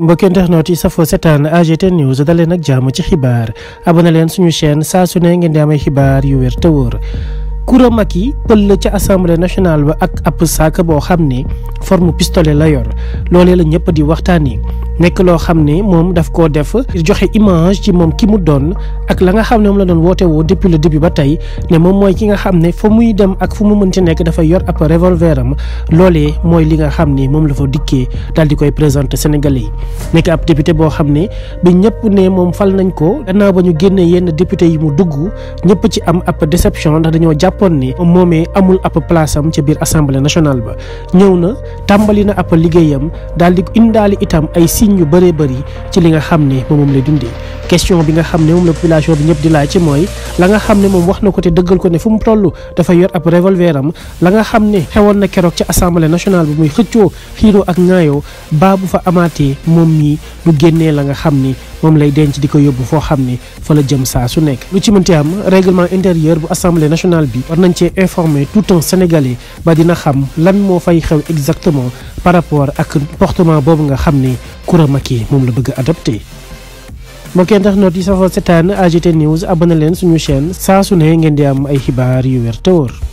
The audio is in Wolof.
mbokki internet yi safoo setaan AGT news dalee nag jàmm ci xibaar abonné leen suñu chaîne saa su ne ngeen di am xibaar yu wér te wóor Coura Macky pël ca assemblée nationale ba ak ab saak boo xam ne form pistolet la yor loolee la ñëpp di waxtaanee nekk loo xam ne moom daf koo def joxe image ci moom ki mu doon ak la nga xam ne moom la doon woote woo depuis le début ba tey ne moom mooy ki nga xam ne fa muy dem fu mu mënti nekk dafay yor ab revolver am loolee mooy li nga xam ne moom la fa dikkee daal di koy présenté Sénégalais yi nekk ab député boo xam ne bi ñëpp ne moom fal nañ ko gannaaw ba ñu génnee yenn député yi mu dugg ñëpp ci am ab déception ndax dañoo jàppoon ne moomee amul ab place am ca biir assemblée nationale ba ñëw na tàmbali na ab liggéeyam daal di indaali itam ay signes yu bëree bëri ci li nga xam ne moom lay dundee question bi nga xam ne moom la population bi ñëpp di laaj ci mooy la nga xam ne moom wax na ko te dëggal ko ne fu mu toll dafa yor ab revolver am la nga xam ne xewoon na keroog ci assemblée nationale bi muy xëccoo xiiroo ak ŋaayoo baa bu fa amaatee moom mii du génnee la nga xam ni moom lay denc di ko yóbbu foo xam ne fa la jëm saa su nekk lu ci mënti am règlement intérieur bu assemblée nationale bi war nañ cee informer tout un sénégalais ba dina xam lan moo fay xew exactement par rapport ak comportement boobu nga xam ne Coura Macky moom la bëgg a adopté mbokk internet yi safoo setaan AGT News abonné leen suñu chaîne saa su ne ngeen di am ay xibaar yu wér te wóor